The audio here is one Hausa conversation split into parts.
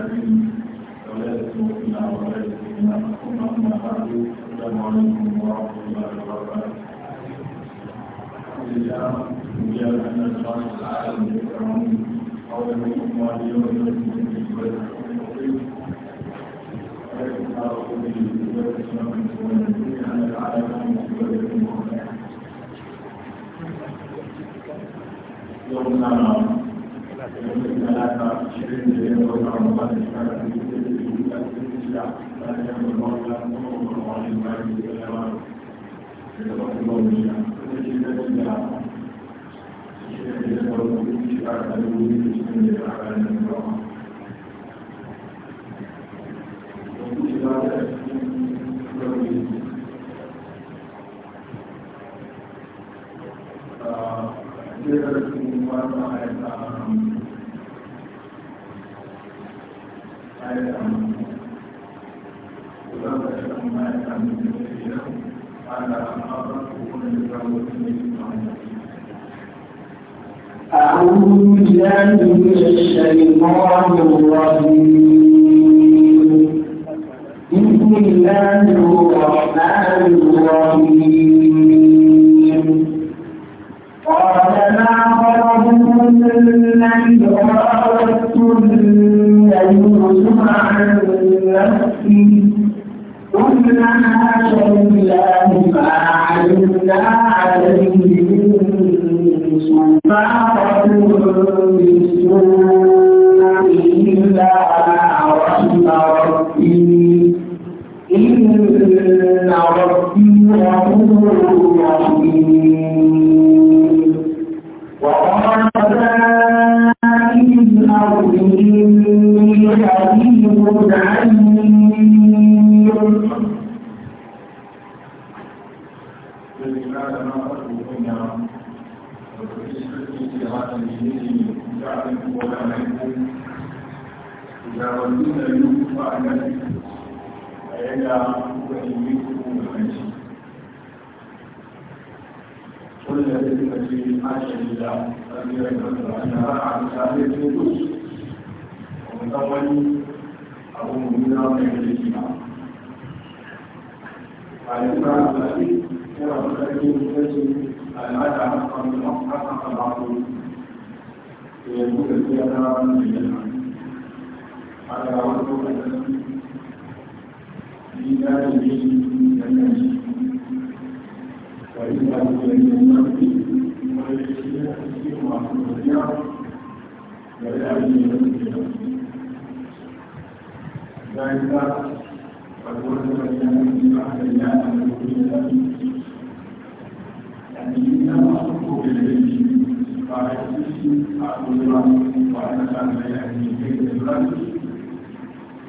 العالمين ولادة مؤمنة وولادة مؤمنة ثم أما بعد السلام عليكم ورحمة الله وبركاته الحمد لله وجعل أن الله تعالى يكرم قولا منكم واليوم يكرم Thank you. 现在大家其实每天都让我们关注一下，每天都在努力一下，大家共同努力一下，共同把我们的未来吧。这个共同努力一下，我们其实更加，其实每天都一起二，大家都一起努力一下，大家。أعوذ بالله من بسم الله الرحمن الرحيم قال ما خطبكن إذ راوتن يوسف عن نفسه قلنا حاشا لله ما علمنا عليه من ما تقول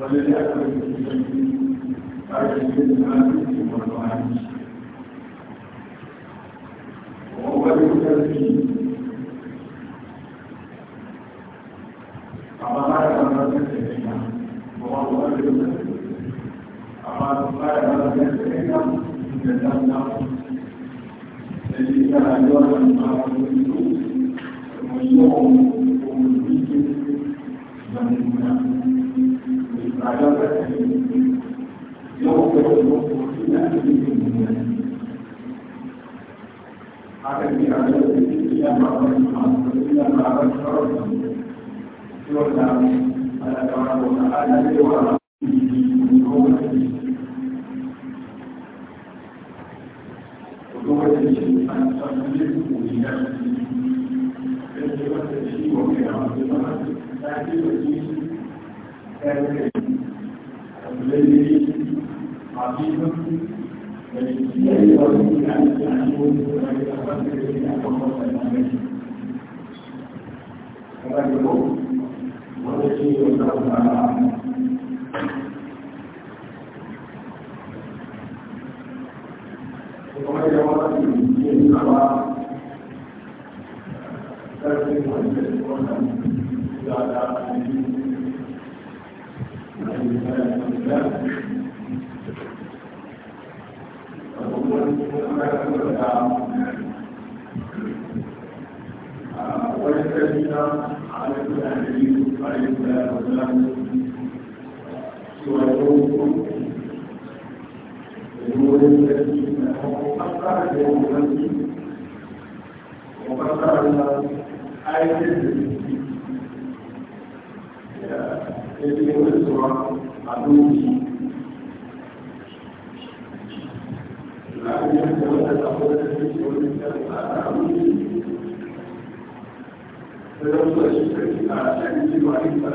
我今天就是生病，但是身体情况还好。我我就是病，爸爸妈也帮着我解决一下，我我我就是病，爸爸妈也帮着我解决一下，解决一下。الذين على كل نبي عليه الصلاه والسلام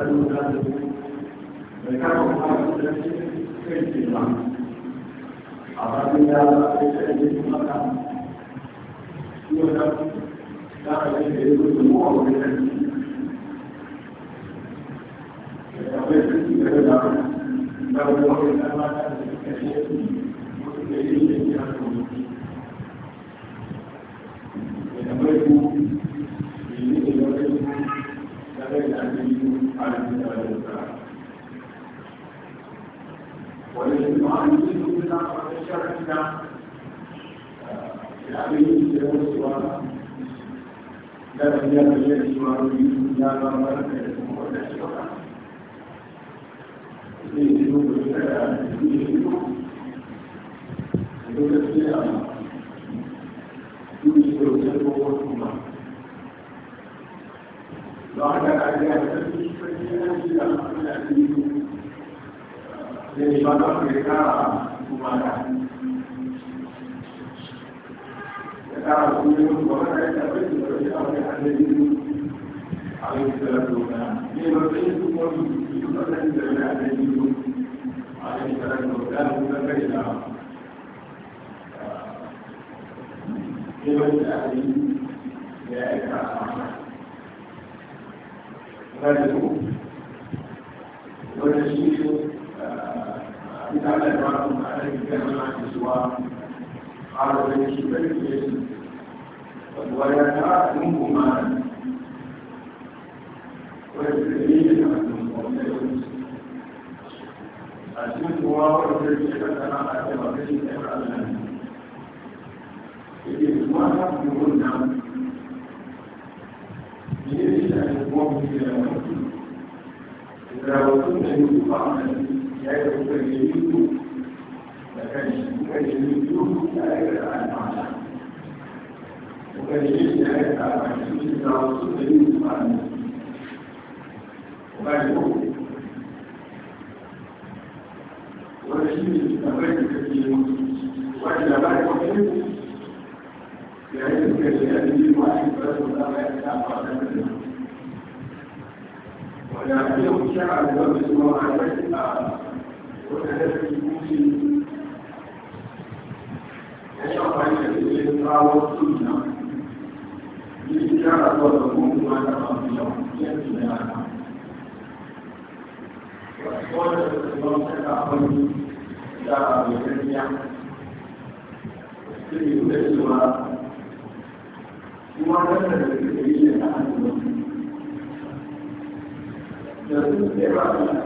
路上的，没看过他们的，最紧张，好吧，大家。da ke shi a a ne kala da wani ala yi kan nuna ke zuwa ala da yake bari ke yi a buwaya ta ɗin goma ne wani da ne yi na ɗin goma ne a cikin kowa wani da yake kan sana a yi ba kashi ɗin ala ne yake zuwa ta ɗin goma ne yake shi na ɗin goma ne da wani da yake zuwa ne 在我们这一路，在这一，在这一路，在这个南方，我们一年大概能挣到四百六十万。我感觉，我的心里是非常开心。我上班也不累，而且在这一路上，我能够看到大好山河。我我千万个为什么来西藏？我在自己公司，还想买点东西拉我自己呢。你家那个公务员那么小，兼职啊？我说的是说参加婚礼，像我们家，最牛的是什么？公安局的人可以选他吗？这是没办法。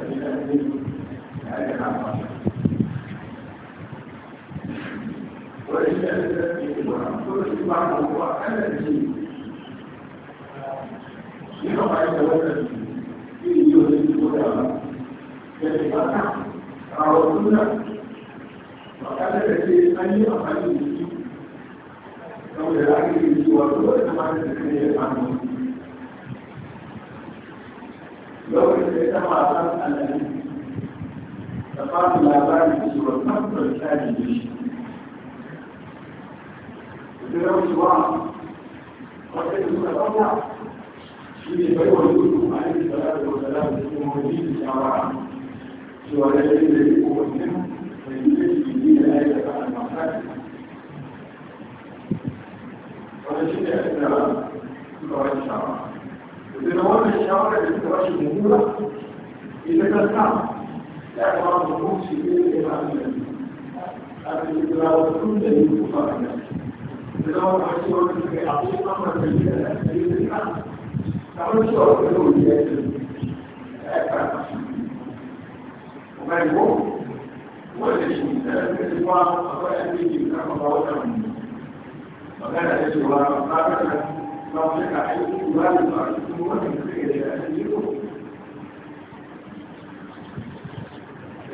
وإلا الإجماع هو الذي يقع يتولد في جهد الهدى كلمة أو سنة وكان كثير أن يقع أو العقل وهو كما تتكلم عنه لو استمع أن da fara labarin cewa tabbar ta jiye shi da raucewa wata da suka ɗauka shi ne bai wani gudu a yi da zaɓa da zaɓa da kuma wani da shawara cewa da yi da kuma wani da yi da shi ne da yi da ba a masa shi ne ya yi da suka wani shawara da wannan shawara da suka wani mummura ita ta اعتراض الروس بالإيرانية الاعتراض كل المفاهمة تدور حسوة في حقيقة مرتبطة بالإيران فهو شعور بالولايات ومن هو هو الذي يتبع قضايا الدين كما ضوء وكان يجب أن يقابل ما وجد عليه ولا يقابل هو من خير أهله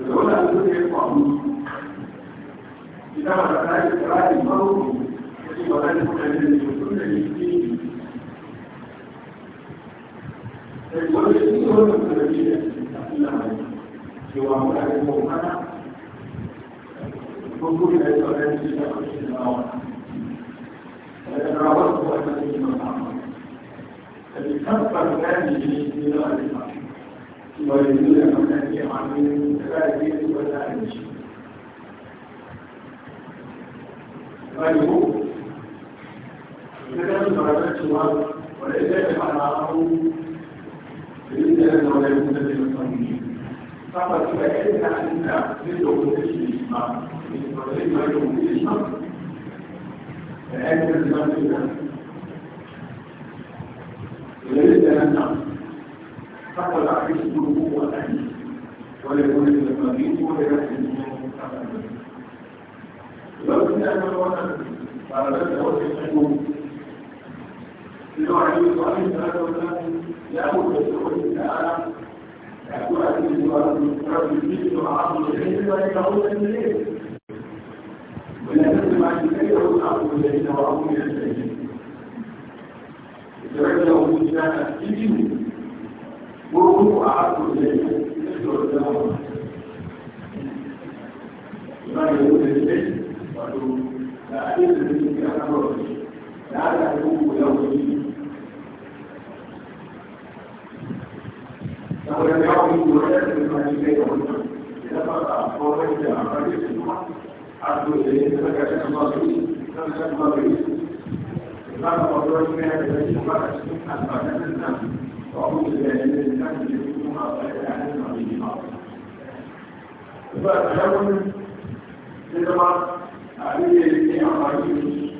العلا الذي يقع منه كتاب الرسائل القراءة المرء يجب أن يكون الذي يكون يكفيه الذي يكون الذي يكون الذي يكون وكل الأولاد في تقريب الأول الرابط هو الذي يكون الذي كفر هذه الإلهة ويقول لهم أن يعملوا فاتح ولا أنشئ غيره فكان درجات الوضع ولذلك حراره يريد أن ولا يكون للمصلين فقد فكرت أن تبدو الإجماع ما يكون الإجماع فأنت الإجماع يريد أن نعمل حتى لا يحس به والأهل ولا يكون المريض ولا يحس به لو كنت أنا وأنا على ذلك وجه الحكم لو عليه الصلاة والسلام يأمر بالسرور تعالى يقول عليه الصلاة والسلام الدين وعظم العلم ولا يتعود إليه ولا تسمع عن الخير وتعظم العلم وعظم العلم إذا رجعوا الإنسان في دينه وهو أعد إليه ما يقول إليه لا أعلم ذلك أمره لا أعلم يومه ولم يعلم ولا يعلم إليه لما أخبرت عن عبد إليه فكان الله فيه فكان الله فيه فكان الله فيه فكان الله فيه وأعوذ بالله من الناس يكونها فأتعلم عليهما فأتعلم لما عليه الذي أعطيه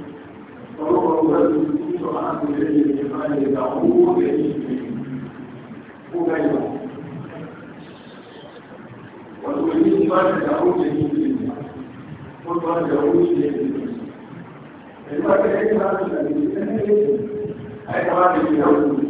فهو رجل كنت أعلم إليه بما يدعوه إليه وغيره وتريد ما تدعوه إليه قلت ما تدعوه إليه لما كان هذا الذي أي هذا الذي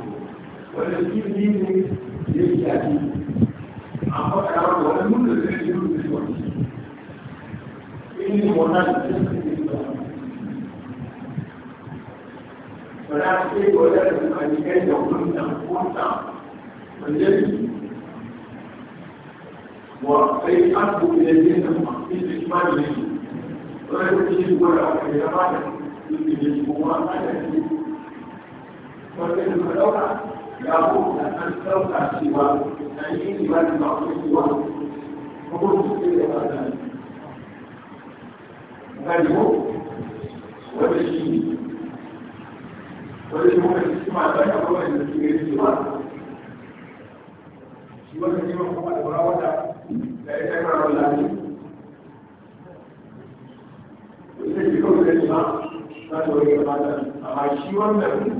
wanda shi ne ne ya yi shafi an faɗa ya wata wani nuna da shi nuna da wani in yi wannan da shi ne da wani ba ce ko da su kan yi kai da wani da kuma wanda ne wa sai an buɗe da yin da kuma in da shi ma da shi wani da shi gwada a kai ya ba da shi ne da shi kuma an da shi wanda ne ka ɗauka yawo da an ɗauka cewa a yi ne ba da mafi cewa hukunci ne da ba da galibu wanda shi ne wanda shi muka ci ma da ya kuma da shi ne cewa shi wanda ne kuma da wata da ya kai rawar lafi ita ce kawai da shi ma za ta wani gaba da amma shi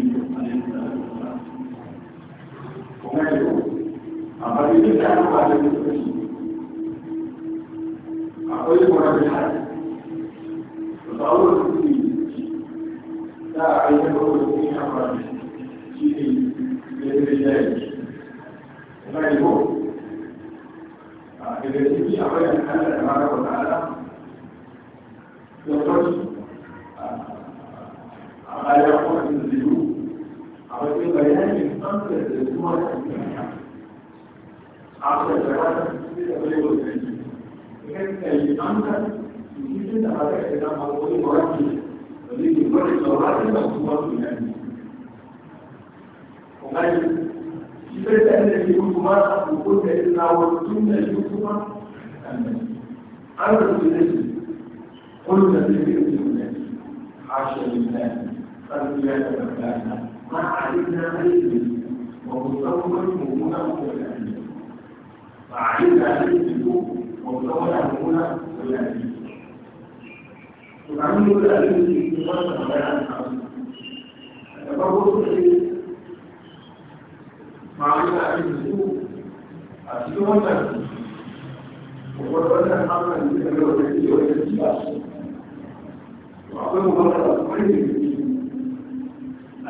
yau amma da duk da an ba da duk da shi akwai kuma da hali da tsawon da suke da a yi da kawai da kuma ya fara shi ne da ya zai yi kuma yi ko a daga ciki akwai da kan da mara wa ta'ala da kwanci a ayyar kwanan da zai akwai bayanin amsar da zuwa da after the run, it is available to you. You can tell the answer, you give the other example only for us to believe in what is the right of what we have. ومن يبدأ أن يكون يقول إن وجدنا يوسف أمر بالنسبة قلنا بالنسبة حاشا لله قد لا تبدأنا ما علمنا علمه ومستوى همنا والأهل فعلمنا علمه ومستوى همنا والأهل تعمل الأهل في دراسة بيان التفرد في معرفة علمه أسلوب النفس وقدرنا نعمل بالتجربة التي وجدت فيها وأقول مرة أخرى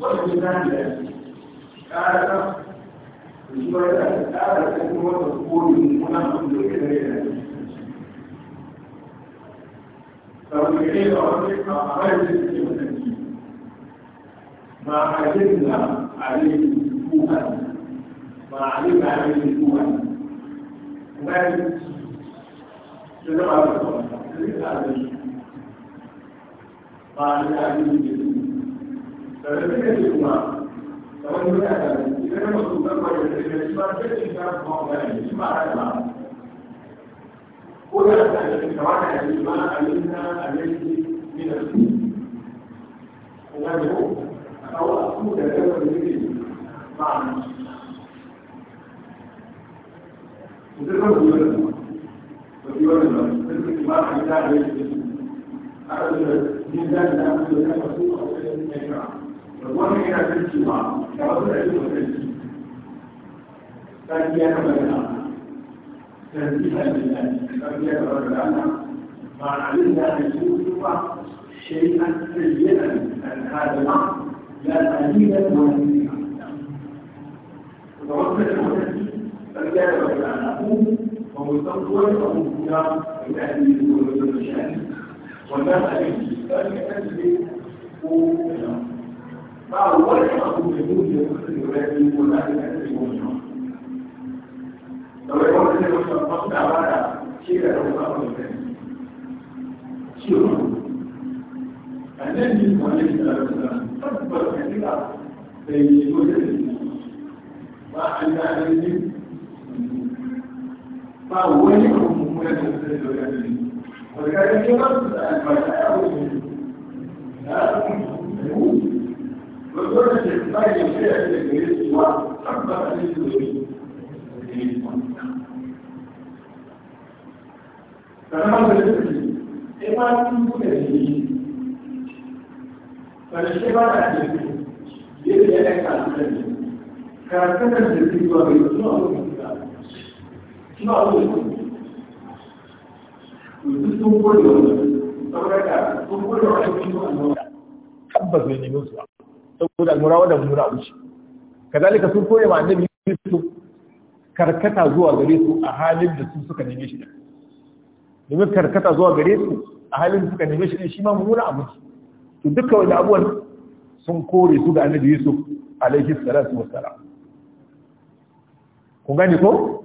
والميزان الأساسي قال الجملة قال تكون تقول هنا كل كذا فبالتالي أردت أعرض ما علمنا عليه كوها ما علم عليه كوها ومن تدعى الله ما عليه فلذلك الجمعة فمن هناك إذا لم يكن تقوى الإجماع فالإجماع هو الإجماع على العام ولا تتوقع الإجماع عليها التي من السوء وغيره أو أقول هذا الذي معنى وذكر الولد وفي ولد ذكر الإجماع عليها التي من ذلك أمر الإجماع wannan yana kan cewa ga wasu da yin wasanci sarki ya kama da ana sarki ya kama da ana sarki ya kama da ana ba a yin da ana cikin ba shi an tsayyana al'adama ya tsari da wani ga wasu da yin wasanci sarki ya kama da ana ku ba mu san kowai ba mu kuma da ya yi wani wani shani wannan abin sarki ya kama da ko da فهو يحكم بوجود الاختيارات والعلم المجمع لو يكون في المصنع على شيء له امر ثاني شيء النبي صلى الله عليه وسلم تكبر كثيرا في وجود وعند عليه فهو يحكم بوجود الاختيارات ولكن يرد ان ما لا يعود لا يعود Mas agora você vai ver aquele direito do ar, sabe da cabeça do rei? Para nós, é mais um poderzinho. Para chegar a ele, ele é carteiro. Carteiro é de desenvolvimento não é complicado. Não é complicado. Isso é um problema. Agora, cara, um problema o que não então, é. Ambas venimos lá. saboda almura wadda mura a wuce kazalika sun koya ma annabi Yusuf karkata zuwa gare su a halin da su suka neme shi da domin karkata zuwa gare su a halin da suka neme shi shi ma mura a wuce to duka wani abuwan sun kore su ga annabi Yusuf alaihi salatu wassalam ku gani ko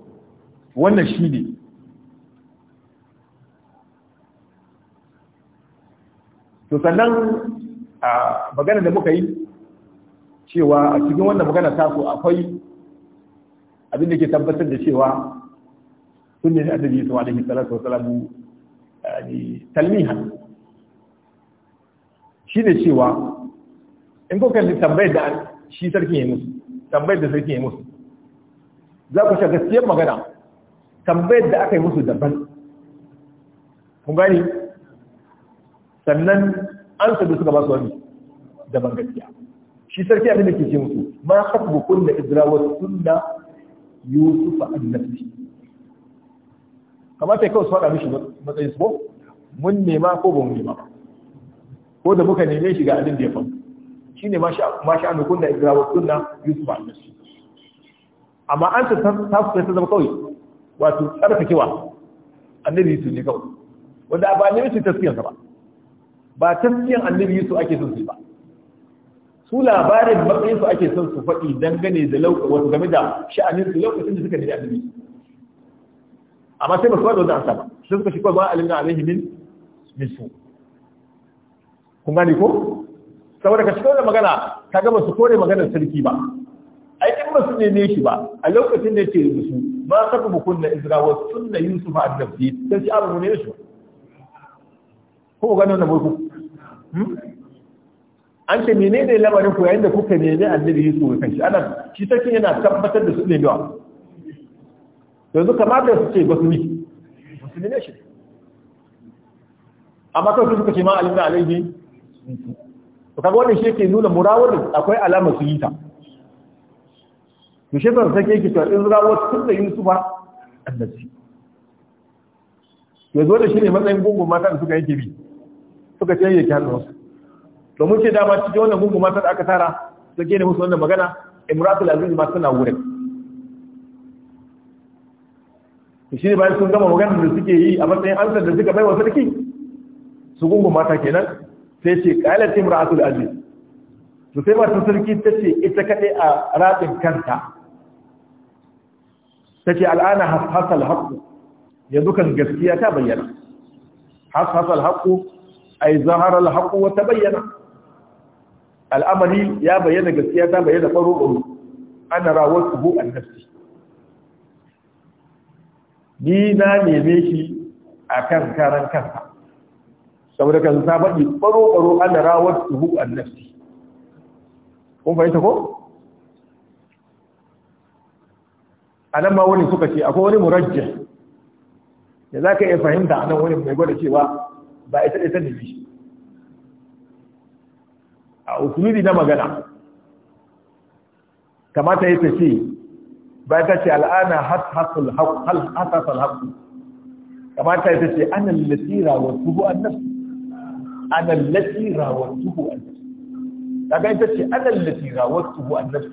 wannan shi ne to sannan a magana da muka yi cewa a cikin wannan magana ta so akwai abin da ke tabbatar da cewa sun ne annabi su alaihi salatu a ne talmihan shi ne cewa in ko kalli tambayar da shi sarki ya musu tambayar da sarki ya musu za ku sha siyan magana tambayar da aka yi musu daban kun gani sannan an da suka ba su wani daban gaskiya shi sarki abin da ke ce musu ma hasbu kullu idrawat sunna yusuf an nafsi kamata kawai su faɗa mishi matsayin su mun nema ko ba mun nema ko da muka neme shi ga abin da ya faru shi ne ma sha'anu kunna idrawat sunna yusuf an nafsi amma an ta sai ta zama kawai wato tsarkakewa annabi yusuf ne kawai wanda ba ne mutum taskiyansa ba ba tafiyan annabi yusuf ake son su ba su labarin matsayin su ake son su faɗi dangane da wasu game da sha'anin su lokacin da suka ji annabi amma sai ba su da ansa ba sai suka shi kawai ba alimna alaihi min min su kun gane ko saboda ka da magana ka gama su kore maganar sarki ba ai in ba su neme shi ba a lokacin da yake musu ba saka bukun na izrawa sunna yusuf a dabbi sai shi abu ne shi ko ga nan na boku an ce ne lamarin ku yayin da kuka nemi annabi Yusuf ga kanki ana shi sarki yana tabbatar da su ne da yanzu da su ce basu ni musulmi ne shi amma kawai su suka ce ma alimna alaihi to kaga wannan shi yake nuna murawar akwai alamar su yi ta to shi ba sai yake cewa in rawar tun da ba annabi yanzu wannan shi ne matsayin gungun mata da suka yake bi suka ce yake hannunsu to mun ce dama cikin wannan gungu matan da aka tara suke da musu wannan magana imratul aziz ma suna wurin shi ne bayan sun gama magana da suke yi a matsayin ansar da suka bai wa sarki su gungu mata kenan sai ce qalat imratul aziz su sai masu sarki ta ce ita kaɗe a ratin kanta ta ce al'ana hasal haku, yanzu kan gaskiya ta bayyana hasal haku, ai zahara al haqqu wa tabayyana al'amari ya bayyana gaskiya ta bayyana faro ɓaru ana rawar tuhu an nafsi ni na neme shi a kan karan kansa saboda kan ta faɗi faro ɓaru ana rawar tuhu an nafsi kun fahimta ko? a nan ma wani suka ce akwai wani murajjah da za ka iya fahimta a nan wani mai gwada cewa ba ita ita ta shi a usulubi na magana kamata ya tafi bayan ta ce al'ana hasasul haku kamata ya ce anan latira wa tuhu annab anan latira wa tuhu annab daga ita ce anan latira wa tuhu annab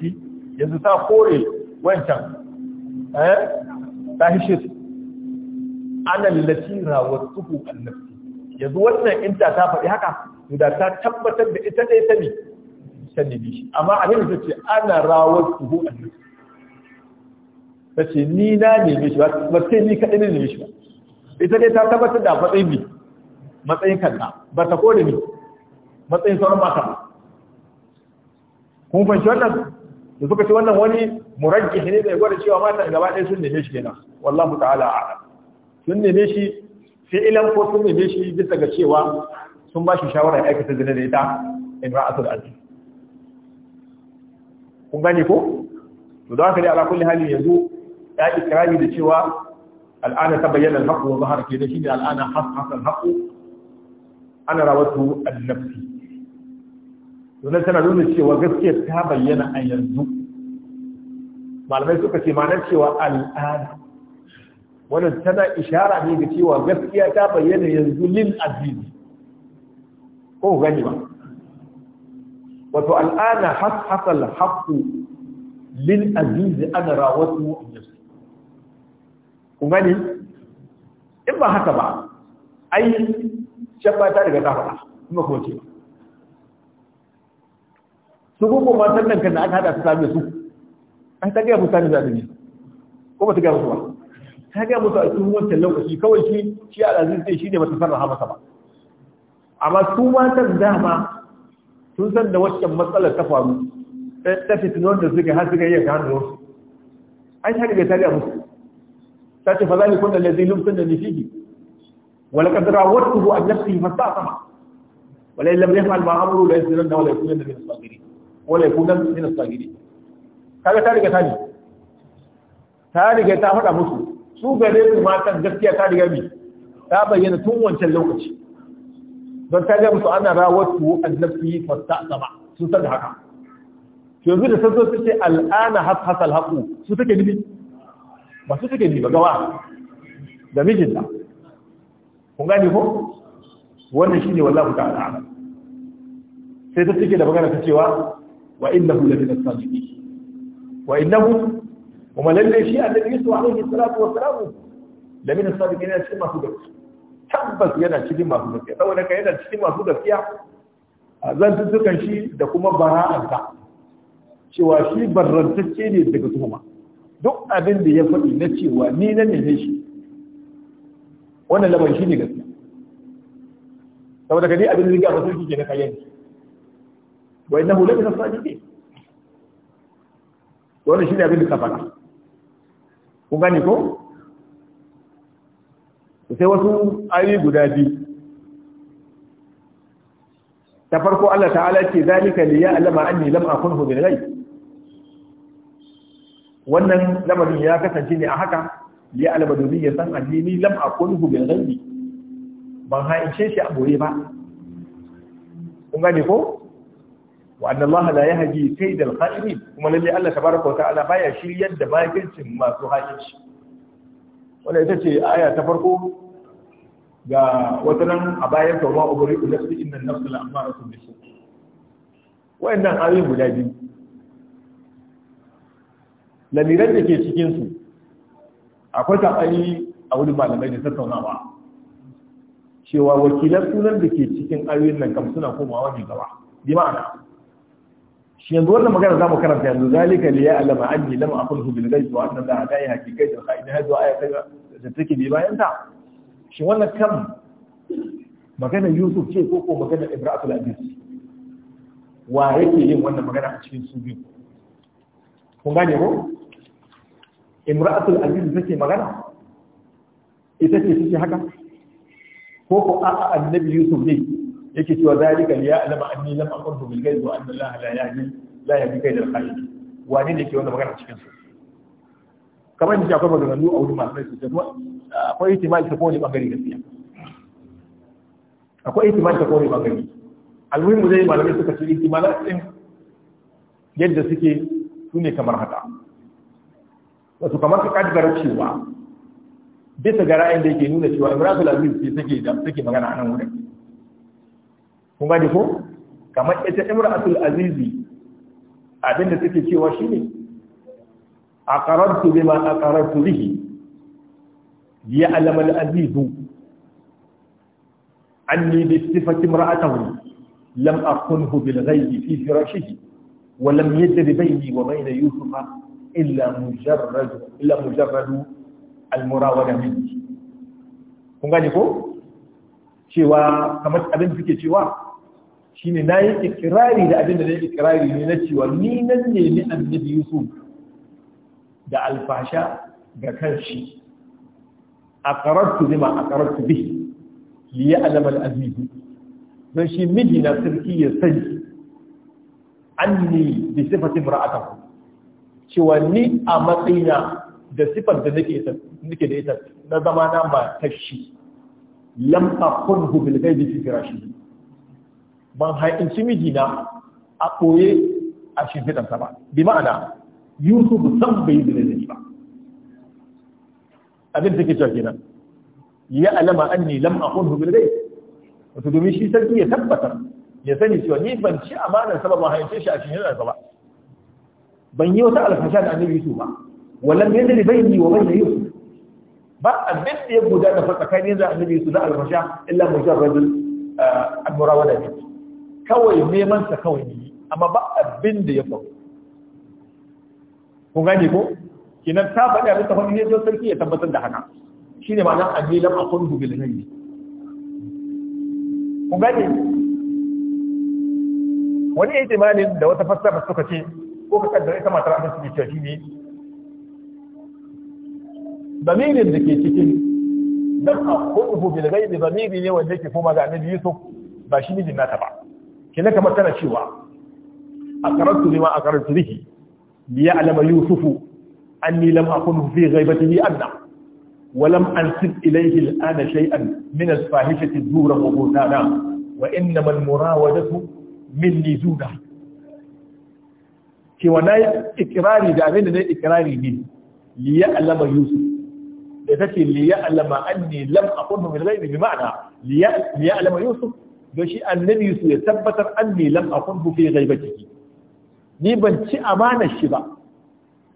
yanzu ta kore wancan eh ta hishe anan latira wa tuhu annab yanzu wannan inda ta faɗi haka da ta tabbatar da ita ɗaya sani sani bi amma a da ce ana rawar tuhu a nan ta ce ni na bi shi ba sai ni kaɗai ne neme shi ba ita dai ta tabbatar da matsayin bi matsayin kanta ba ta kore ni matsayin sauran mata kun fanci wannan da suka ce wannan wani murajjih ne da ya gwada cewa mata gaba ɗaya sun neme shi kenan wallahu ta'ala a'lam sun neme shi fi'ilan ko sun neme shi bisa ga cewa sun ba shi shawara ya aikata zina da ita in ra'atul aziz kun gane ko to da haka dai ala kulli hali yanzu ya ikrami da cewa al'ana ta bayyana al-haqq wa zahara ke da shi da al'ana hasasa al-haqq ana rawatu al nafsi don nan tana nuna cewa gaskiya ta bayyana a yanzu malamai suka ce ma'anar cewa al'ana wannan tana ishara ne ga cewa gaskiya ta bayyana yanzu lil azizi ko gani ba wato al'ana hasal haqqu lil aziz ana rawatu nafsi ku gani in ba haka ba ai shafa ta daga ta ba, kuma ko ce su ko matan nan kan aka hada su same su an ta gaya sani da ni, ko ba ta gaya musu ba ta gaya musu a cikin wancan lokaci kawai shi shi al'aziz zai shi ne mata sarrafa masa ba amma su matan dama sun san da waccan matsalar ta faru ta fitin da suke har suka yi ta hannun wasu an shi daga tare musu ta ce fa zali kun da lazai lumsun da nifiki wala kadra wattuhu an nafsi fa a sama wala illam yafal ma amru la yasiran da wala yakun da as tagiri wala yakun da as tagiri kaga ta riga ta ne ta riga ta faɗa musu su gare su matan gaskiya ta riga bi ta bayyana tun wancan lokaci don ta ga musu ana rawatu an nafsi sun san da haka to yanzu da sun su ce al'ana has hasal haqu su take nibi ba su take nibi ba gawa da mijinta kun gane ko wannan shine wallahi ta'ala alam sai ta cike da magana ta cewa wa innahu la min as-sadiqin wa innahu kuma lalle shi annabi yusuf alaihi salatu wa salam la min as-sadiqin ya ce masu gaskiya tabbas yana cikin masu gaskiya saboda ka yana cikin masu gaskiya zantuttukan shi da kuma bara'arsa cewa shi barrantacce ne daga tuhuma duk abin da ya faɗi na cewa ni na ne shi wannan labar shi ne gaskiya saboda ka ne abin da riga masu ke na kayan ki na innahu la min as-sadiqin wannan shi ne abin da ka faɗa kun gane ko sai wasu ayoyi guda biyu ta farko Allah ta'ala ce zalika li ya'lama anni lam akunhu bil ghaib wannan lamarin ya kasance ne a haka li ya'lama domin ya san addini lam akunhu bil ghaib ban haice shi a boye ba kun gane ko wa anna Allah la yahdi kaydal khairin kuma lalle Allah tabaraka wa ta'ala baya shiryar da bakincin masu haice wanda ita ce aya ta farko ga wata nan a bayan tauma ubari ulasu innan nafsul amara sun bisu wayannan ayoyin guda biyu lamiran da ke cikin su akwai ayi a wurin malamai da tattaunawa cewa wakilan sunan da ke cikin ayoyin nan kam suna komawa ne gaba bi ma'ana shi yanzu wannan magana zamu karanta yanzu zalika li ya'lama anni lam aqulhu bil ghaib wa anna la ilaha haqiqati al khair hadu ayatan da take bi bayan ta shi wannan kam magana Yusuf ce ko ko magana Ibrahim al-Aziz wa yake yin wannan magana a cikin su biyu kun gane ko imra'atul aziz take magana ita ce take haka ko ko a'a annabi Yusuf ne yake cewa zalika liya alama anni lam aqulu bil ghaib wa anna Allah la yahdi la yahdi kaydal khalid wani ne ke wannan magana cikin su kamar yadda akwai maganganu a wurin masu su ce kuma akwai ihtimali ta kowane bangare gaskiya akwai ihtimali ta kowane bangare almuhimmu dai malamai suka ce itimala, din yadda suke su ne kamar haka wasu kamar ka kaddara cewa bisa ga ra'ayin da yake nuna cewa al aziz sai take da take magana a nan wurin kun gane ko kamar ita imra'atul azizi abinda take cewa shine aqarartu bima aqarartu bihi ya alama al-azizu anni bi sifati imra'atihi lam akunhu bil ghaibi fi firashihi wa lam yajri bayni wa bayna yusufa illa mujarrad illa mujarrad al-murawada minni kun gane ko cewa kamar abin da suke cewa shine na yi ikirari da abin da na yi ikirari ne na cewa ni nan ne ni annabi yusuf da alfasha ga kanshi a karartu zima a karartu bihi li ya alamar azizu don shi miji na sarki ya sani anni bi sifatin ra'atahu cewa ni a matsayina da sifar da nake da ita na zama na ba tashi lam akunhu bil ghaibi fi firashi ban haƙinci mijina a ɓoye a shimfiɗansa ba bi ma'ana yusuf san bai zina da ni ba abin da take cewa kenan ya alama anni lam aqulhu bil ghaib wato domin shi sarki ya tabbatar ya sani cewa ni ban ci amanar sa ba ban haƙince shi a shimfiɗansa ba ban yi wata alfasha da annabi yusuf ba wallan yadda yi wa bai bayna yusuf ba abin da ya gudana fa tsakanin da annabi yusuf na alfasha illa mujarradul eh, al-murawada kawai neman sa kawai ne amma ba abin da ya faru kun gane ko kinan ta faɗi abin ta faɗi ne don sarki ya tabbatar da haka shine ma nan ajilan akun bil ghaib kun gane wani ihtimalin da wata fassara suka ce ko ka kaddara ita matar abin su ce ne. damirin da ke cikin dan akun bil ghaib damiri ne wanda yake koma ga annabi Yusuf ba shi ne nata ba kina kamar tana cewa a karatu ne ma a karatu rihi biya alama yusufu an anni lam akun fi ghaibatihi anna wa lam ansib ilayhi al'ana shay'an min al-fahishati dhura wa butana wa innama al-murawadatu minni duna cewa nayi ikrari da abin da nayi ikrari ne li ya'lama yusuf da take li ya'lama anni lam akun min ghaibi bi ma'ana li ya'lama yusuf don shi annabi su ya tabbatar ne lam akun hu fi ghaibatihi ni ban ci amanar shi ba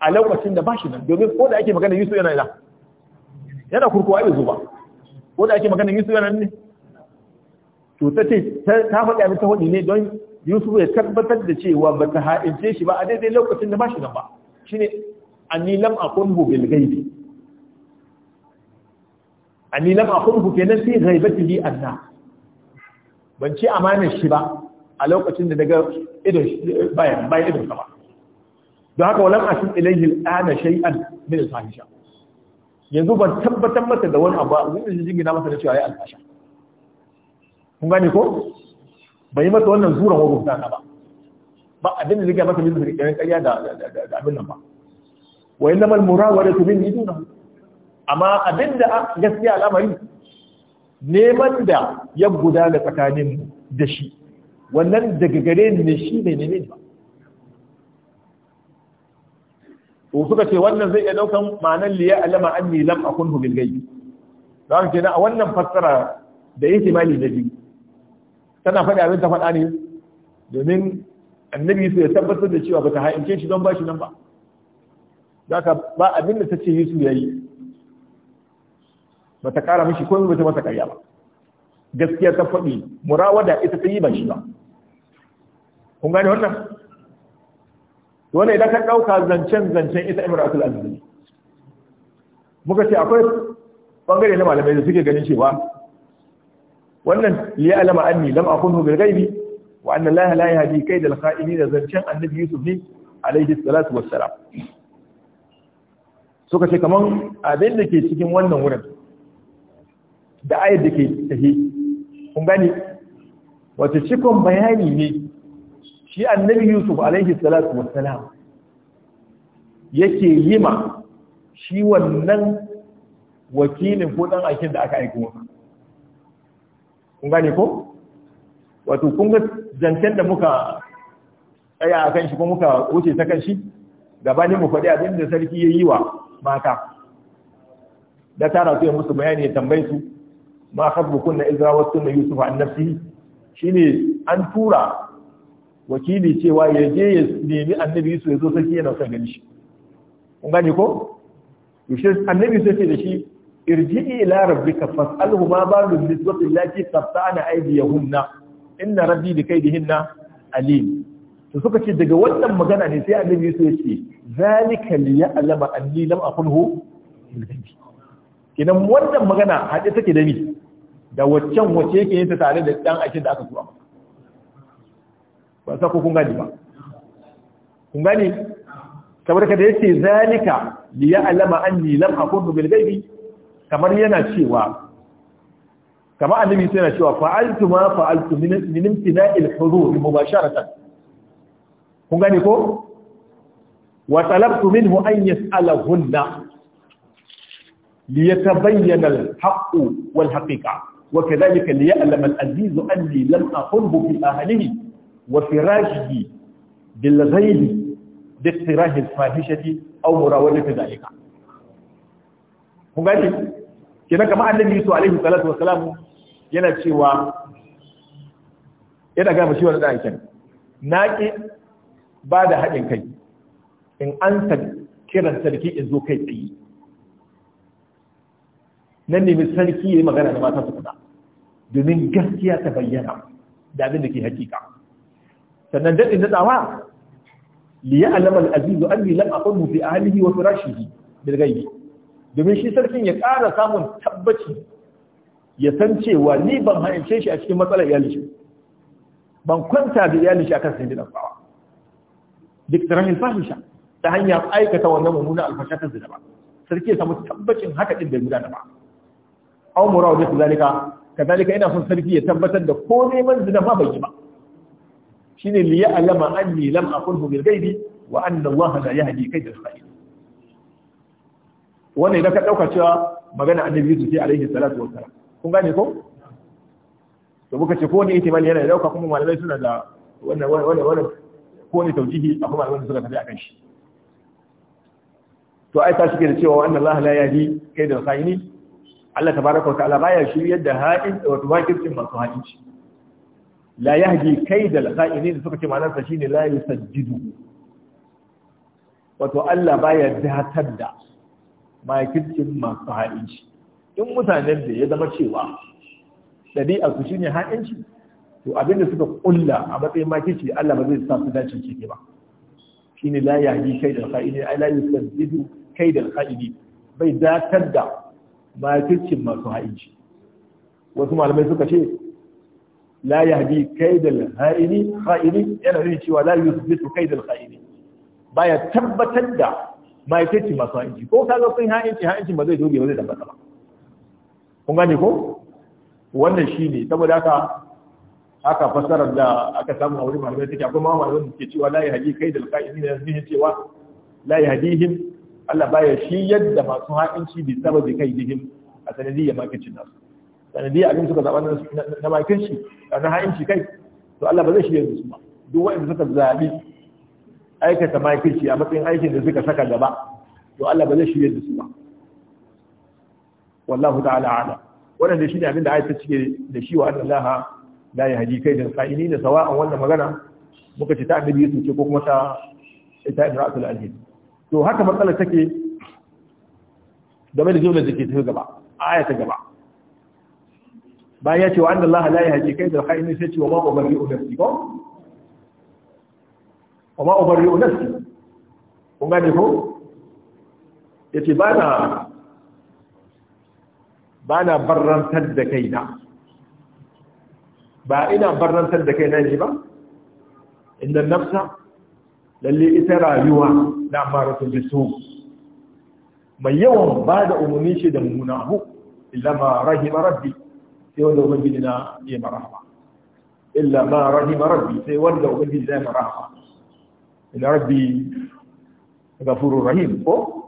a lokacin da bashi nan domin ko da ake magana Yusuf yana ina yana kurkuwa ya ba ko da ake magana Yusuf yana ne to ta ce ta faɗa ta wani ne don Yusuf ya tabbatar da cewa ba ta ha'ince shi ba a daidai lokacin da bashi nan ba shine anni lam akun hu bil ghaibi anni lam akun hu kenan fi ghaibatihi anna ban ci amanar shi ba a lokacin da daga idon bayan bayan idon ba don haka walam asin ilayhi al'ana shay'an min al-fahisha yanzu ban tabbatar masa da wani abu abin da jingina masa da cewa ya alfasha kun gane ko bai masa wannan zuran wagwabta na ba ba abin da zai masa min zikirin ƙarya da abin nan ba wa yi lamar mura wa da tubin ni duna amma abinda da gaskiya al'amari neman da ya da tsakanin da shi wannan daga gare ni ne shi ne ne ba to suka ce wannan zai iya daukan ma'anar liya alama anni lam akunhu bil gaibi don kenan a wannan fassara da yake mali da biyu tana faɗi abin ta faɗa ne domin annabi su ya tabbatar da cewa bata haince shi don ba shi nan ba zaka ba abin da ta ce Yusuf ya yi ba ta kara mishi ko ba ta masa karya ba gaskiya ta faɗi murawada ita ta yi ba shi ba kun gane wannan wannan idan ka ɗauka zancen zancen ita imratul aziz muka ce akwai bangare na malamai da suke ganin cewa wannan liya alama anni lam akunhu bil ghaibi wa anna allaha la yahdi kayd al da zancen annabi yusuf ne alaihi salatu wassalam suka ce kaman abin da ke cikin wannan wurin da ayar da ke tafi kun gani wace cikon bayani ne shi annabi yusuf alaihi salatu wassalam yake yima shi wannan wakilin ko dan aikin da aka aiko masa kun gane ko wato kun ga zancen da muka tsaya a kan shi ko muka wuce ta kan shi gabanin mu faɗi abin da sarki ya yi wa mata da tara su ya musu bayani ya tambayi su ma kunna idza wasna yusuf an nafsihi shine an tura wakili cewa yaje ya nemi annabi yusuf ya zo sarki yana son gani shi kun gane ko yusuf annabi sai ce da shi irji'i ila rabbika fas'alhu ma ba'du nisbati allati qatta'na aydiyahunna inna rabbi bikaydihinna alim to suka ce daga wannan magana ne sai annabi Yusuf ya ce zalika li ya'lama anni lam aqulhu bil kinan wannan magana hade take da ni da waccan wace yake yin ta tare da ɗan ashe da aka zuwa? masa ba sa ku kun gani ba kun gani kamar ka da yace zalika li an anni lam akun bil ghaibi kamar yana cewa kamar annabi yana cewa fa'altu ma fa'altu min imtina'il huzur mubasharatan kun gani ko wa talabtu minhu an yas'alahunna li yatabayyana al-haqqu wal haqiqa وكذلك ليعلم العزيز أني لم أخنه في أهله وفراشه بالغيب باقتراه الفاحشة أو مراودة ذلك مغادي كنا كما النبي يسوع عليه الصلاة والسلام yana cewa yana gama shi wani ɗan na ƙi ba da haɗin kai in an kiran sarki in zo kai tsaye na nemi sarki ya yi magana da mata su kuɗa domin gaskiya ta bayyana da abin da ke hakika sannan daɗin daɗawa liya alamar azizu an lilan a kwanu fi ahalihi wasu firashihi da gaibi domin shi sarkin ya ƙara samun tabbaci ya san cewa ni ban haince shi a cikin matsalar iyali shi ban kwanta da iyali shi akan sindin alfawa duk da rahin ta hanyar aikata wannan mummunan alfasha ta zina ba sarki ya samu tabbacin haka da ya gudana ba aw murawu da zalika kazalika ina son sarki ya tabbatar da ko neman zina ma bai yi ba shine li alama anni lam aqulhu bil ghaibi wa anna allaha la yahdi kayda al-khayr wannan idan ka dauka cewa magana annabi Yusuf sai alaihi salatu wa salam kun gane ko to muka ce ko ne mali yana dauka kuma malamai suna da wannan wannan wannan ko ne a kuma malamai suna tafi akan shi to ai ta shige da cewa anna Allah la yahdi kayda al-khayr Allah tabaraka wa ta'ala baya shiryar da ha'in wato wakircin masu ha'inci la yahdi kaidal da suka ce ma'anar sa shine la yusajjidu wato Allah baya datar da makircin masu ha'inci in mutanen da ya zama cewa ɗabi'a su shine ha'inci to abinda suka kulla a matsayin makirci Allah ba zai sa su dace cike ba shine la yahdi kaidal kha'inin ay la yusajjidu kaidal kha'inin bai datar da makircin masu ha'inci wasu malamai suka ce la kai kaidal ha'ini ha'ini yana nuna cewa la kai kaidal ha'ini Ba ya tabbatar da makircin masu ha'inci ko kaga sun ha'inci ha'inci ba zai doge ba zai tabbata ba kun gane ko wannan shi ne saboda haka aka fasarar da aka samu a wurin malamai take akwai ma malamai da ke cewa la kai kaidal ha'ini ne cewa la yahdihim Allah baya shi yadda masu ha'inci bi sababi kai jihim a sanadiyyar makincin nasu sanadiyyar abin suka zaɓa na makinci na ha'inci kai to Allah ba zai shirya da su ba duk waɗanda suka zaɓi aikata makici a matsayin aikin da suka saka gaba to Allah ba zai shirya da su ba wallahu ta'ala ala wannan shi ne abin da ayata cike da shi wa Allah la da sa'ini da sawa'an wannan magana muka ce ta annabi Yusuf ce ko kuma ta ita imra'atul aziz to haka matsalar take game da jumlar da ke tafi gaba aya ta gaba bayan ya ce wa annan laha la yahdi kai da haini sai ce wa ma ubarri'u nafsi ko wa ma ubarri'u nafsi kun gane ko yace ba na ba na barrantar da kaina ba ina barrantar da kaina ne ba inda nafsa lalle ita rayuwa na amaratul bisu mai yawan ba da umarni shi da munahu abu illa ma rahima rabbi sai wanda ubangiji na ya marhama illa ma rahima rabbi sai wanda ubangiji na ya marhama ina rabbi gafuru rahim ko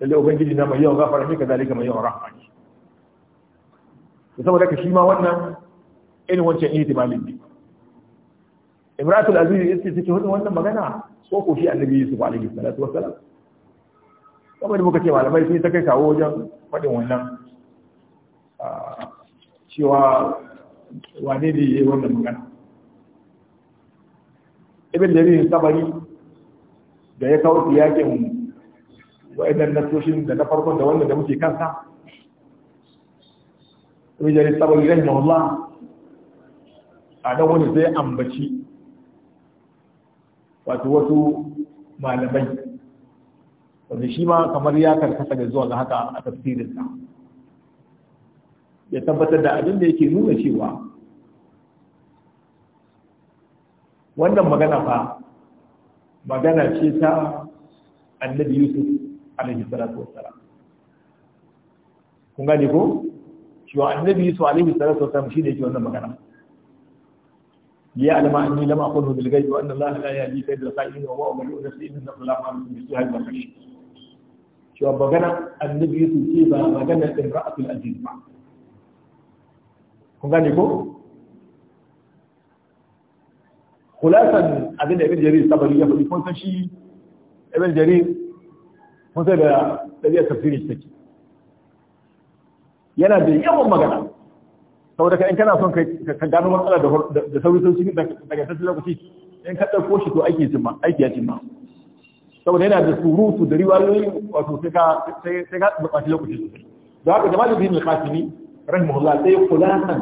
lalle ubangiji na mai yawan gafara ne kazalika mai yawan rahama ne saboda ka shi ma wannan irin wancan ihtimalin ne imratul aziz yace take hudu wannan magana ko ko shi annabi yusuf alaihi salatu wassalam kuma da muka ce malamai sun ta kai kawo wajen faɗin wannan cewa wane ne ya yi wannan magana ibn jarir sabari da ya kawo tiyakin na nasoshin da na farkon da wanda da muke kansa ibn jarir sabari rahimahullah a nan wani zai ambaci wato wasu malamai wanda shi ma kamar ya karkasa da zuwa ga haka a tafsirinsa ya tabbatar da abin da yake nuna cewa wannan magana fa magana ce ta annabi yusuf alaihi salatu wassalam kun gane ko cewa annabi yusuf alaihi salatu wassalam shi ne yake wannan magana ليعلم أني لم أخذه بالغيب وأن الله لا يهدي كيد الخائنين وما أمروا نفسي إن الله أمر بالسهاد والحشد شو بغنى النبي تجيب بغنى امرأة الأزيز kun gane ko kulasan abin da يقول jarir sabari ya faɗi kun san shi ibn jarir kun san da ɗabi'ar tafsiri take yana da yawan saboda ka in kana son ka gano matsala da sauri sun shi daga tattalin lokaci in ka dauko shi to aiki cimma aiki ya cimma saboda yana da surutu da riwayoyi wato sai ka sai ka buƙaci lokaci sosai da haka jama'a bin al-qasimi rahimahullah sai kulasan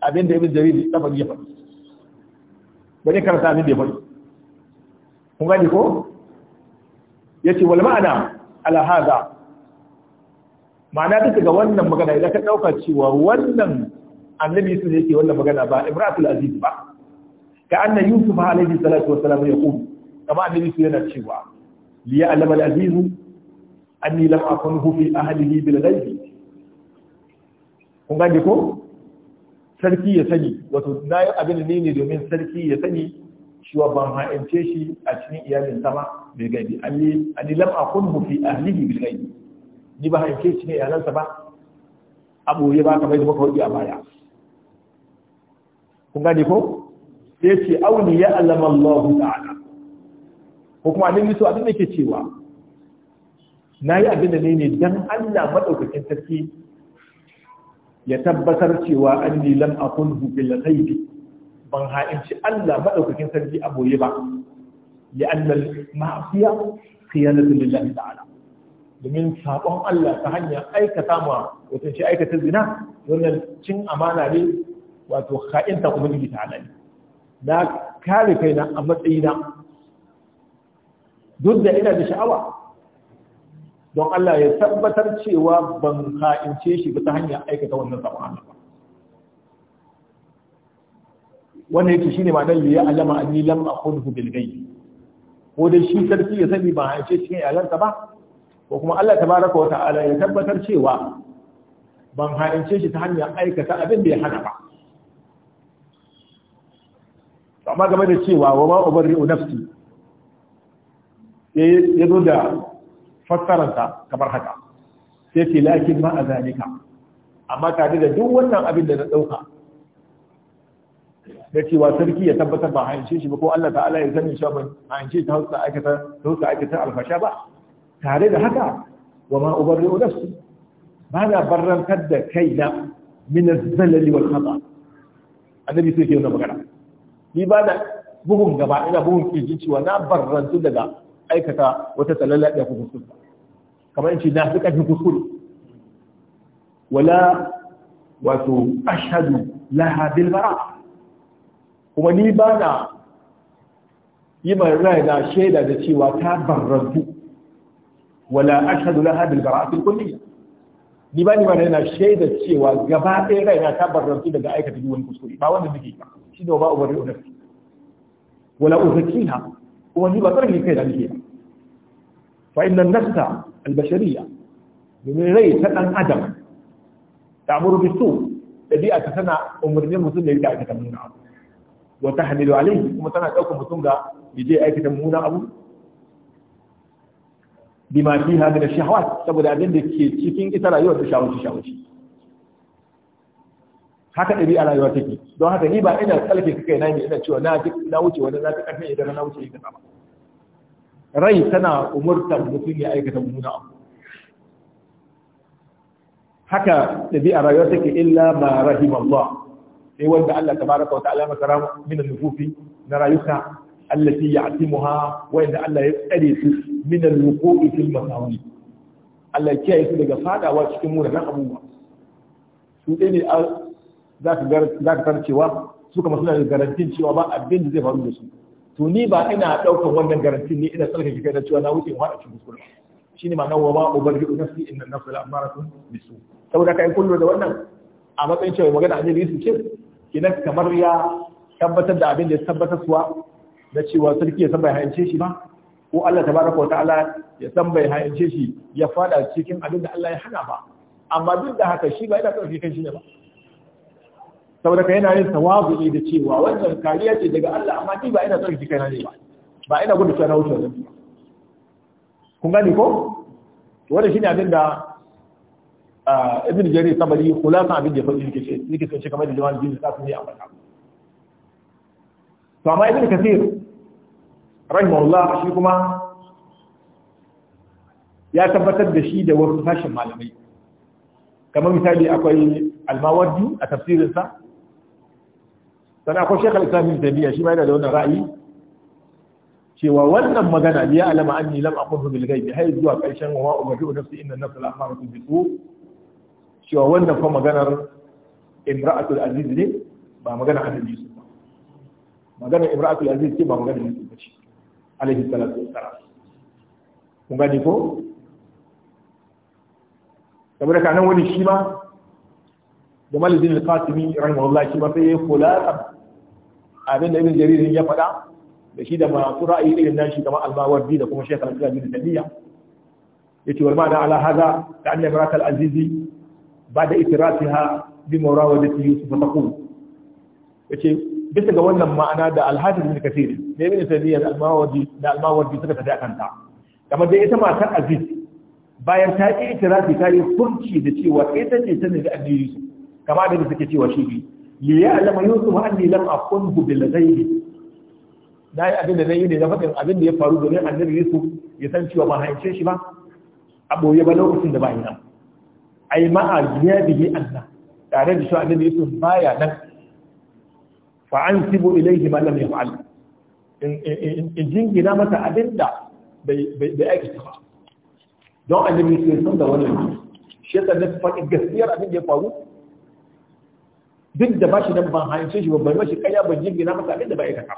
abin da ibn jarir tabari ya faɗi bane karanta abin da ya faɗi kun gani ko yace wal ma'ana ala hada ma'ana duka ga wannan magana idan ka dauka cewa wannan annabi su yake wannan magana ba ibratul aziz ba ka anna yusuf alayhi salatu salam ya qul kama annabi su yana cewa li ya'lam al aziz anni lam akunhu fi ahlihi bil ghaib kun gane ko sarki ya sani wato na yi abin ne ne domin sarki ya sani cewa ban ha'ince shi a cikin iyalin sama bil gaibi anni lam akunhu fi ahlihi bil ghaib ni ba ha'ince shi ne iyalansa ba abu ya ba ka bai muka wuce a baya kun gane ko sai ce auli ya alama Allah ta'ala ko kuma annabi so abin da ke cewa nayi abin da ne ne don Allah maɗaukakin sarki ya tabbatar cewa anni lam aqulhu bil ghaibi ban ha'inci Allah maɗaukakin sarki a boye ba ya annal ma'asiya da lillahi ta'ala domin sabon Allah ta hanyar aikata ma wata ce aikata zina wannan cin amana ne wato kuma ubangiji ta halali na kare kaina a matsayina duk da ina da sha'awa don Allah ya tabbatar cewa ban kha'ince shi ba ta hanyar aikata wannan sabon Allah ba wannan yake shine ma dan ya alama anni lam akhudhu bil ghaib ko dai shi sarki ya sani ba haice cikin iyalansa ba ko kuma Allah tabaraka wa ta'ala ya tabbatar cewa ban haice shi ta hanyar aikata abin da ya hana ba amma game da cewa wa ma ubarri'u nafsi ya zo da fassararsa kamar haka sai ce lakin ma a zalika amma tare da duk wannan abin da na ɗauka da cewa sarki ya tabbatar ba hayance shi ba ko Allah ta'ala ya sani shi ba hayance ta hausa ta hausa ta alfasha ba tare da haka wa ma ubarri'u nafsi ba na barrantar da kaina min az-zalali wal khata annabi sai ke yana magana ni ba na bugun gaba ina bugun kirji cewa na barrantu daga aikata wata tsalalla da ku kuskure kamar in ce na fi ƙarfin kuskure wala wato ashadu laha bil bara kuma ni ba na yi mai rai na shaida da cewa ta barrantu wala ashadu laha bil bara fil kulliyya ni ba ni ba yana shaida cewa gaba ɗaya na ta barrantu daga aikata duk kuskure ba wanda nake ba shi ne ba ubari udar wala uzakiha kuma ni ba tsarki kai da nake ba fa inna nafsa albashariya domin rai ta dan adam ta amuru bi su dabi'a ta tana umarnin mutum da ya aikata mummuna abu wa tahmilu alayhi kuma tana ɗaukar mutum ga ya je aikata mummuna abu bima fiha min ash saboda abin da ke cikin ita rayuwar da shawarci shawarci haka ɗabi'a rayuwa take don haka ni ba ina tsalke kai na ne ina cewa na na wuce wani na ta karfe idan na wuce idan ba rai tana umurtar mutum ya aikata mummuna abu haka ɗabi'a rayuwa take illa ma rahim Allah sai wanda Allah tabaraka wa ta'ala masa rahama min nufufi na rayuka allati ya'timuha wa inda Allah ya tsare su min al-wuqu'i fil masawi Allah ya kiyaye su daga fadawa cikin munanan abubuwa su dai ne za ka za ka su kuma suna da garantin cewa ba abin zai faru da su to ni ba ina daukar wannan garantin ne ina tsarkake kai da a na wuce wa a cikin kuskure shine ma nawa ba ubarri nafsi inna nafsa la'amaratun bisu saboda kai kullu da wannan a matsayin cewa magana annabi Yusuf ce kenan kamar ya tabbatar da abinda da ya tabbatar suwa na cewa sarki ya san bai hayance shi ba ko Allah tabaraka wata'ala ya san bai hayance shi ya fada cikin abin da Allah ya hana ba amma duk da haka shi ba yana karfi kan shi ne ba saboda kai yana yin ne da cewa wannan kariya ce daga Allah amma ni ba ina kai na ne ba ba ina gudu tsara wuce ba. kun gani ko wannan shine abin da ah, ibn jarir tabari khulasa abin da ya faɗi yake ce yake ce kamar da jama'a jin sa ne a wannan to amma ibn kasir rahimahullah shi kuma ya tabbatar da shi da wasu sashen malamai kamar misali akwai almawaddi a tafsirinsa sannan akwai shekar islamin tabiya shi ma yana da wannan ra'ayi cewa wannan magana ya alama an lam a bil ghaib hay zuwa karshen wa ubadu nafsi inna nafsa na amaratu bi su cewa wannan fa maganar imra'atul aziz ne ba maganar annabi magana imra'atul aziz ce ba magana mutum ba ce alaihi salatu wassalam kun gani ko saboda kanan wani shi ma da malizin al-qasimi rahimahullah shi ma sai ya kula abin da ibn jarir ya faɗa da shi da masu ra'ayi irin nan shi kamar al-mawardi da kuma shekara al-islam ibn tabiya yace wal ma'ana ala hada ka anna imra'at al-aziz ba'da ha bi da murawajati yusuf ya ce. bisa ga wannan ma'ana da alhaji bin kasir da ibn tabiya da almawardi da almawardi suka tafi akan ta kamar dai ita matar aziz bayan ta yi itirafi ta yi furci da cewa ita ce ta ne da addini yusuf kamar da suke cewa shi bi li alama yusuf anni lam aqulhu bil ghaibi na yi abin da nayi ne na fadin abin da ya faru domin annabi yusuf ya san cewa ba haice shi ba a ɓoye ba lokacin da ba yi ai ma'a biya biye allah tare da shi annabi yusuf baya nan fa ansibu ilayhi ma lam yaf'al in jingina mata abinda bai aikata ba don annabi sai san da wannan shi da na faɗi gaskiyar abin da ya faru duk da bashi nan ban hanyar shi ban mashi kaya ban jingina mata abinda bai aikata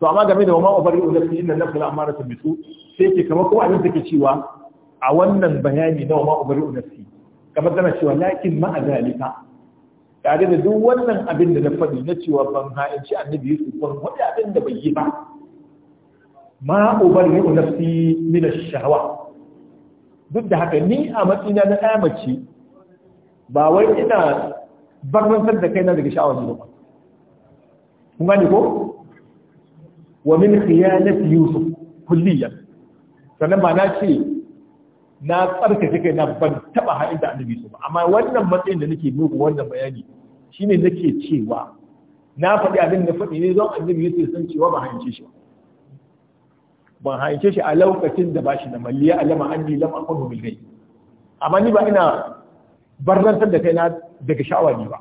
ba to amma game da wama ubari ulul fi inna nafsul amaratu bisu sai ke kamar ko abin take cewa a wannan bayani na wama ubari ulul fi kamar tana cewa lakin ma azalika tare da duk wannan abin da na faɗi na cewa ban ha'inci annabi yusuf ban wani abin da bai yi ba ma ni ubarri nafsi min ash-shahwa duk da haka ni a matsina na ɗaya mace ba wai ina san da kaina daga sha'awar ba kun gane ko wa min khiyanati yusuf kulliyan sannan ba na ce na tsarkake kai na ban taba haɗin da annabi su ba amma wannan matsayin da nake muku wannan bayani shine nake cewa na faɗi abin da faɗi ne don annabi yake san cewa ba hayance shi ban hayance shi a lokacin da ba shi da malliya alama anni lam aqulu bil ghaib amma ni ba ina barantar da kai na daga sha'awa ne ba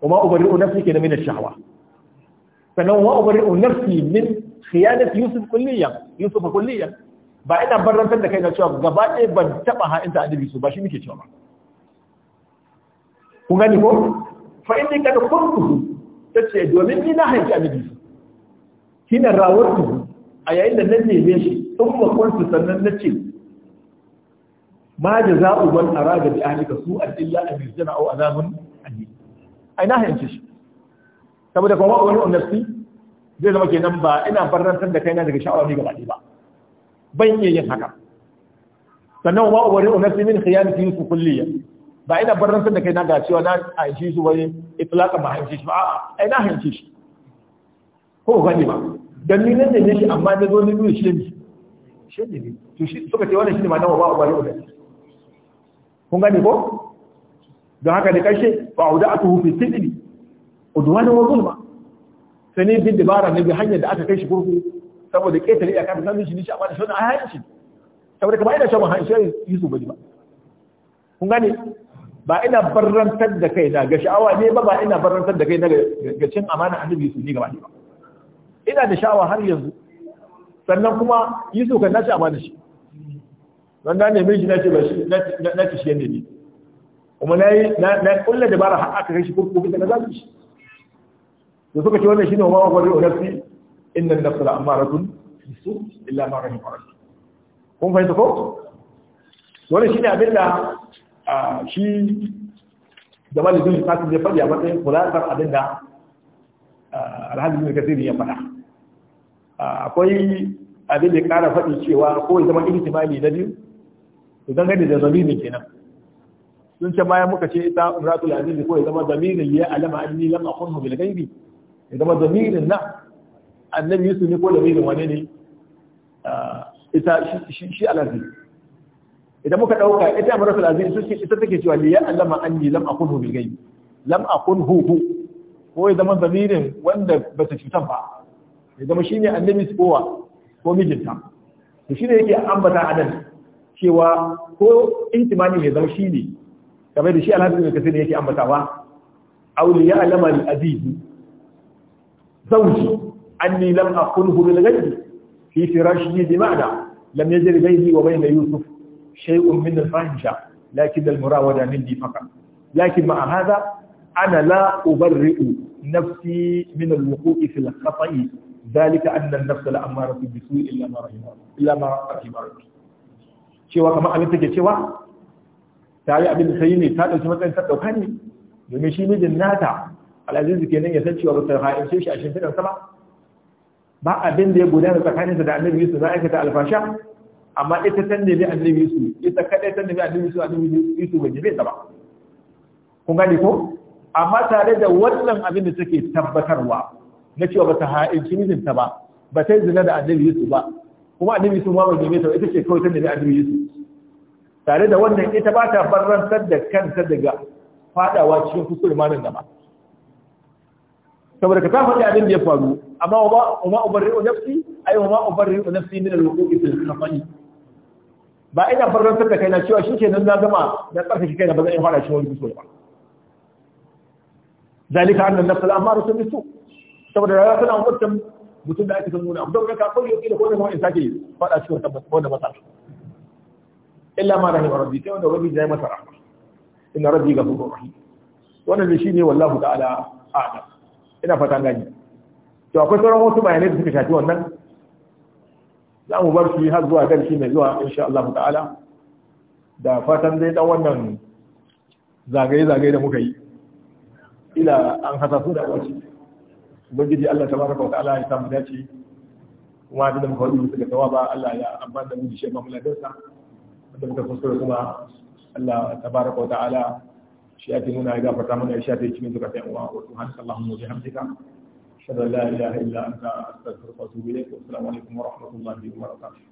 kuma ubari, nafsi ke na min sha'awa sannan wa ubari nafsi min khiyanati yusuf kulliyan yusuf kulliyan ba ina barantar da kai na cewa gaba ɗaya ban taɓa ta adabi su ba shi muke cewa ba Ku gani ko fa inni kada kuntu tace domin ni na haifi adabi su kina rawatu a yayin da nan neme shi sun ba kuntu sannan na ce ma jaza'u man arada bi ahlika su illa an yuzana aw azabun alim ai na haƙi shi saboda kuma wani nafsi zai zama kenan ba ina barantar da kaina daga sha'awar ni gaba ɗaya ba ban iya yin haka sannan wa ubari unasi min khiyanati su kulliya ba ina barin sun da kai na ga cewa na hanci su wani itlaqa ba hanci shi ba a'a ai na hanci shi ko gani ba dan ni nan ne shi amma da zo ne nuna shi ne shi ne to shi suka ce wannan shi ne ma nawa ba ubari unasi kun gani ko don haka ne karshe ba auda aka fi sidini udwanu wa zulma sai ne bin dabara ne bi hanyar da aka kai shi kurkuku saboda ƙetare a da sanin shi ne shi amma da shi wannan ai hayin shi saboda kamar ina shaban hayin shi Yusuf bane ba kun gane ba ina barrantar da kai na ga sha'awa ne ba ba ina barrantar da kai na ga cin amana a annabi Yusuf ni gaba ne ba ina da sha'awa har yanzu sannan kuma yi Yusuf kan nace amana shi dan da ne miji nace ba shi nace shi ne ni na yi na kulle dabara har aka kai shi kurkuku da na zabi shi da suka ce wannan shine wa wa gori nafsi inna nafsa la'amaratun bisu illa ma rahim rabbi kun fahimta ko wannan shine abin da shi da malibin fasin ya faɗi a matsayin kulatar abin da alhaji bin kasiri ya faɗa akwai abinda da ƙara faɗi cewa ko ya zama ihtimali na biyu to gani da zamirin kenan sun ce bayan muka ce ita umratul aziz ko ya zama zamirin ya alama anni lam akhunhu bil ghaibi ya zama zamirin na annabi yusuf ne ko lamirin wane ne ah, ita shi alazi idan muka dauka ita amara fil su ce ita take cewa ya ya'lama anni lam akunhu bil ghaib lam akunhu hu ko ya zama zamirin wanda ba ta cutar ba ya zama ne annabi kowa ko mijinta to ne yake ambata anan cewa ko intimani mai zama ne, kamar da shi alhaji ne kasai ne yake ambatawa aw li ya'lama al aziz zawji أني لم أقله بالغيب في فراشي بمعنى لم يجري بيني وبين يوسف شيء من الفاحشة لكن المراودة مني فقط لكن مع هذا أنا لا أبرئ نفسي من الوقوع في الخطأ ذلك أن النفس لا أمارة بسوء إلا ما رحم إلا ما رحم ربي شو كما أنت take تعالى أبن yi تعالى da sai ne ta ɗauki matsayin ta على ne domin shi mijin nata al'azizu kenan ba abin da ya gudana tsakaninsa da annabi yusuf kai aikata alfasha amma ita ta nemi annabi yusuf ita kadai ta nemi annabi yusuf annabi yusuf bai jibe ta ba kun gani ko amma tare da wannan abin da take tabbatarwa na cewa bata ha'inci mijinta ba ba ta zina da annabi yusuf ba kuma annabi yusuf ma bai nemi ta ita ce kawai ta nemi annabi yusuf tare da wannan ita ba ta barrantar da kanta daga fadawa cikin kusurmanin gaba saboda ka kafa da abin da ya faru amma wa ma ubarri'u nafsi ai wa ma ubarri'u nafsi min al-wuqu'i fil khata'i ba ina farrantar da kaina cewa shi kenan na gama na tsarkake kaina ba zan iya fara shi wani kuskure ba zalika annan nafsal amma rusul bisu saboda rayuwa tana umurtan mutum da ake san nuna abu don ka kawai yau kila ko da kuma in sake fada cikin wata wanda masa illa ma rahim rabbi sai wanda rabbi ya masa rahma inna rabbi ghafurur rahim wannan ne shine wallahu ta'ala a'lam ina fata gani to akwai sauran wasu bayanai da suka shafi wannan za mu bar shi har zuwa garshi mai zuwa insha Allah ta'ala da fatan zai dan wannan zagaye-zagaye da muka yi ila an su da wace ubangiji Allah tabaraka wa ta'ala ya samu dace kuma da muka wadi suka tawaba Allah ya amfana da mu shi ba mu ladarsa da muka kuskure kuma Allah tabaraka wa ta'ala shi ya nuna ya gafarta mana ya shafe cikin suka sai uwa wato hannu sallahu wa bihamdika ashhadu an la ilaha illa anta astaghfiruka rahmatullahi